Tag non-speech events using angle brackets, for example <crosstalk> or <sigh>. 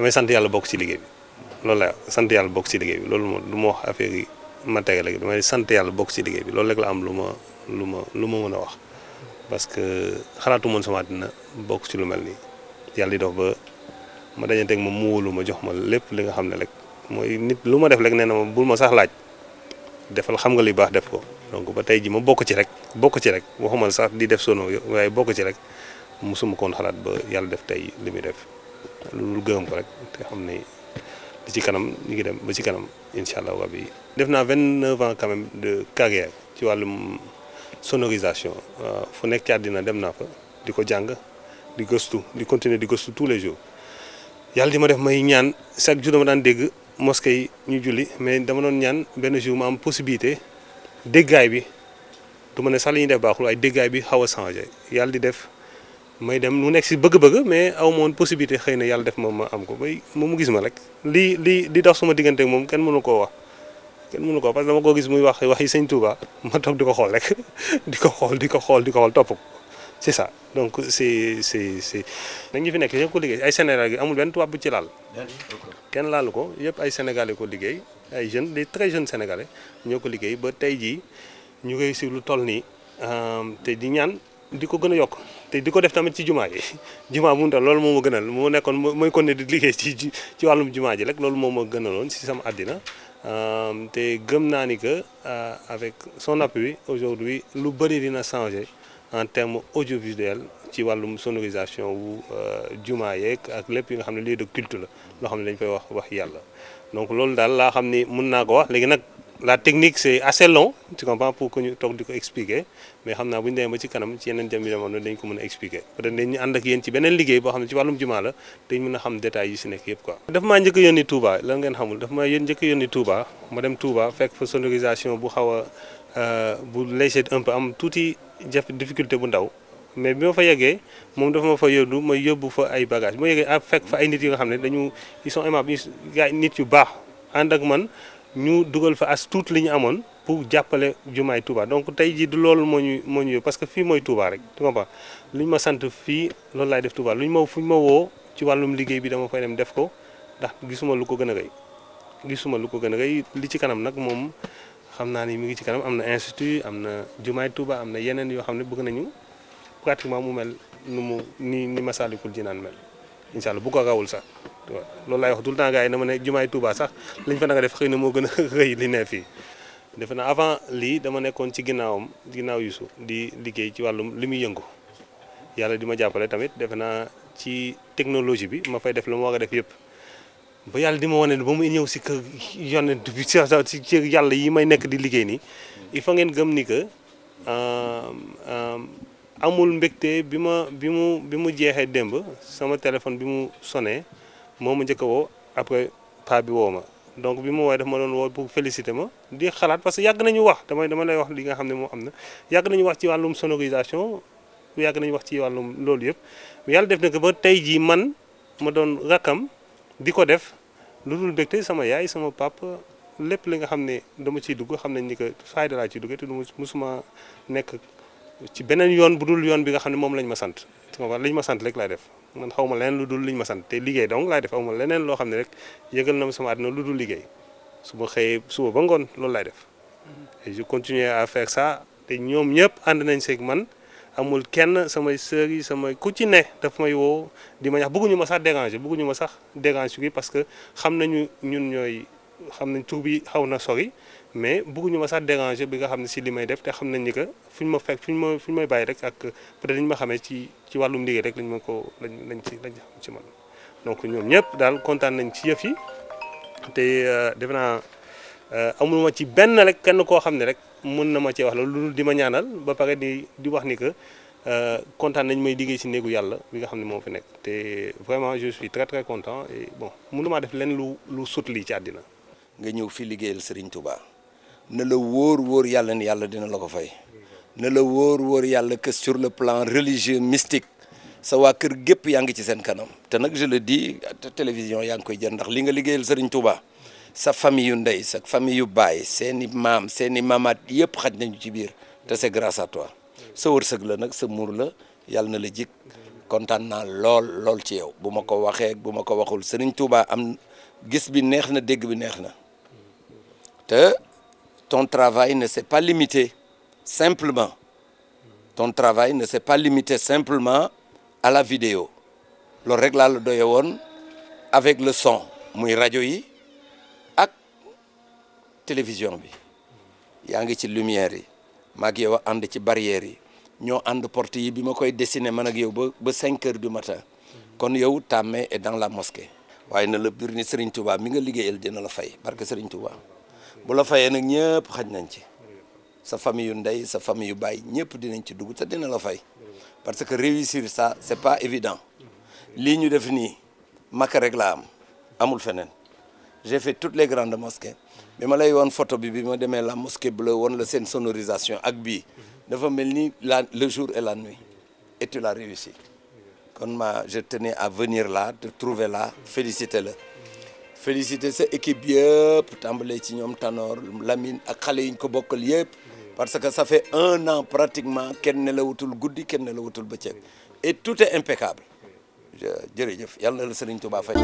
damay sant yàlla bokk ci liggéey bi loolu la sant yàlla bokk ci liggéey bi loolu du ma wax affaire yi matériel rek damay sant yàlla bokk ci liggéey bi loolu rek la am lu ma lu ma lu ma mën a wax parce que xalaatu moon sama dina bokk ci lu mel nii yàlla ba ma dajanteeg moom mu wóolu ma jox ma lépp li nga xam ne rek mooy nit lu ma def rek nee na ma bul ma sax laaj defal xam nga li baax def ko donc ba tey ji ma bokk ci rek bokk ci rek waxuma sax di def sono waaye bokk ci rek musuma koon xalaat ba yàlla def tey li muy def lu gërëm ko rek te xam ne li ci kanam ñu ngi dem ba ci kanam incha allah bi def naa 29 ans quand même de carrière ci wàllum sonorisation euh, fu nekk ci àddina dem naa fa di ko jàng di gëstu di continuer di gëstu tous les jours yàlla di ma def may ñaan chaque jour dama daan dégg mosquée yi ñu julli mais dama doon ñaan benn jour ma am possibilité déggaay bi du ma ne sax li ñuy def baaxul ay déggaay bi xaw a changé yàlla di def. may dem lu nekk si bëgg-bëgg mais aw moon possibilité xëy na yàlla def ma ma am ko bay mu gis ma rek li li li dox sama diggante moom kenn mënu koo wax kenn mënu ko parce que dama ko gis muy wax waxi sëñ Touba ma toog di ko xool rek <laughs> di ko xool di ko xool di ko xool topp ko c'est ça donc c'est c'est c'est nag ñu fi nekk ñëpp ko liggéey ay Sénégal yi amul benn tubaab bu ci laal kenn laalu ko yëpp ay Sénégalais ko liggéey ay jeunes des très jeunes Sénégalais ñoo ko liggéey ba tey jii ñu koy si lu toll nii euh, te di ñaan di ko gën a yokk te di ko def tamit ci jumaa ji <laughs> jumaa bu mu tax loolu moo ma gënal moo nekkoon mooy kon ne di liggéey ci ci wàllum jumaa ji rek loolu moo ma gënaloon si sama àddina te gëm naa ni que euh, avec son appui aujourd'hui lu bëri dina changer en terme audiovisuel ci wàllum sonorisation wu euh, jumaa yeeg ak lépp yi nga xam ne lieu de culte loo xam ne dañ fay wax wax yàlla donc loolu daal laa xam ni mun naa ko wax léegi nag la technique c'est assez long tu comprends pour que ñu toog di ko expliquer mais xam naa bu ñu demee ba ci kanam ci yeneen jëm jamono dañ ko mën a expliquer peut-être dañu ànd ak yéen ci beneen liggéey boo xam ne ci wàllum jumaa la dañ mën a xam détails yi si nekk yëpp quoi daf maa njëkk yónni Touba la ngeen xamul daf maa yéen njëkk yónni Touba ma dem Touba fekk fa sonorisation bu xaw a euh, bu léger un peu am tuuti jafe difficulté bu ndaw mais bi ma fa yeggee moom dafa ma fa yóbbu ma yóbbu fa ay bagages bi ma yeggee ah, fekk fa ay nit yi nga xam ne dañu ils nit yu baax ànd ak man ñu dugal fa as tuut li ñu amoon pour jàppale jumaay Touba donc tey jii du loolu moo ñu moo ñu parce que fii mooy Touba rek tu comprends lu ñu ma sant fii loolu laay def Touba lu ñu ma fu ñu ma woo ci wàllum liggéey bi dama fay dem def ko ndax gisuma lu ko gën a rëy gisuma lu ko gën a rëy li ci kanam nag moom xam naa ni mu ngi ci kanam am na institut am na jumaay Touba am na yeneen yoo xam ne bëgg nañu pratiquement mu mel nu mu ni ni Massalikul Jinaan mel incha allah bu ko rawul sax. loolu lay wax tout le temps na ma ne jumaay Touba sax liñ fa nga def xeyna mo gëna <laughs> reuy li ne fii na avant lii dama nekkon ci ginaawum ginaaw yusu di liggéey ci walum limi yëngu yalla di ma tamit def na ci technologie bi ma fay def lu mo war def yépp ba yalla di woné wane mu ñëw si kër yonent bi ci ci yalla yi may nekk di liggéey ni il fa ngeen gëm ni que euh, euh, amul mbekté bi ma bi mu bi mu sama téléphone bi mu sonné moo ma njëkk a woo après pa bi woo ma donc bi ma wooye daf ma doon woo pour féliciter ma di xalaat parce que yàgg nañu wax damay dama lay wax li nga xam ne moo am na yàgg nañu wax ci wàllum sonorisation yàgg nañu wax ci wàllum loolu yëpp yàlla def na ko ba tey jii man ma doon rakkam di ko def lu dul bégte sama yaay sama pap lépp li nga xam ne dama ciy dugg xam nañ ni que fayda laa ciy dugg te du musuma nekk ci beneen yoon bu dul yoon bi nga xam ne moom lañ ma sant li ñu ma sant rek laay def man xaw ma leneen lu dul liñ ma sant te liggéey donc laay def ma leneen loo xam ne rek yëgal na ma sama àddina lu dul liggéey su ma xëyee suba ba ngoon loolu laay def mm-hmm. et je continue à faire te ñoom ñëpp ànd nañ seeg man amul kenn samay sœurs yi samay ku ci ne daf may woo di ma ñax bëgguñu ma sax déranger bëgguñu ma sax déranger bi parce que xam nañu ñun ñooy xam nañ tur bi xaw na sori mais bëgguñu ma sax déranger bi nga xamné ci limay def té xamnañ ni que fu ma fekk fu ñu ma fu may bàyyi rek ak peut-être li ñu ma xamee ci ci walum liggé rek lañ ma ko lañ lañ ci lañ xam ci man donc ñom ñëpp daal kontaan nañ ci yëf yi té euh, defe naa euh, amul ma ci benn rek kenn ko xamné rek mën na ma ci wax loolu lu di ma ñaanal ba paré di di wax ni que euh kontaan nañ may liggéey ci négu yalla bi nga xamné mo fi nek té vraiment je suis très très content et bon mënu maa def lenn lu lu sut lii ci adina nga ñëw fi liggéeyal Serigne Touba na le wor wor yalla ni yalla dina lako fay na le wor wor yalla que sur le plan religieux mystique sa wa keur gep yaa ci sen kanam te nak je le dis télévision yang koy jël ndax li nga liggéeyal Serigne Touba sa famille yu ndey sa famille yu baay seeni maam seeni maamaat yëpp xat nañu ci bir te c'est grâce à toi sa wërsëg la nak sa muur la yalla na la jik kontaan na lol, lol ci yow buma ma ko waxee bu ma ko waxul Serigne Touba am gis bi neex na dégg bi neex na te ton travail ne s'est pas limité simplement. Ton travail ne s'est pas limité simplement à la vidéo. Le réglage de Yawon avec le son mon radio yi ak télévision bi yaa ngi ci lumière yi maag a ànd ci barrière yi ñoo ànd porte yi bi ma dessiner man cinq heures du matin kon yow ta main dans la mosquée waaye na la bir ni Serigne Touba mi nga liggéeyal dina la fay barke Serigne Touba si la fayee nag ñëpp nañ ci sa famille sa famille parce que réussir ça n'est pas évident Ligne j'ai fait toutes les grandes mosquées Mais ma lay photo la mosquée bleue une la sonorisation le jour et la nuit et tu l'as réussi je tenais à venir là te trouver là féliciter le féliciter sa équipe yëpp tàmbalee ci ñom Tanor Lamine ak xalé yi ñu ko bokkal yëpp parce que ça fait un an pratiquement ken ne la wutul goudi ken ne la wutul bëccëg et tout est impeccable jërëjëf yàlla na la Serigne Touba fay.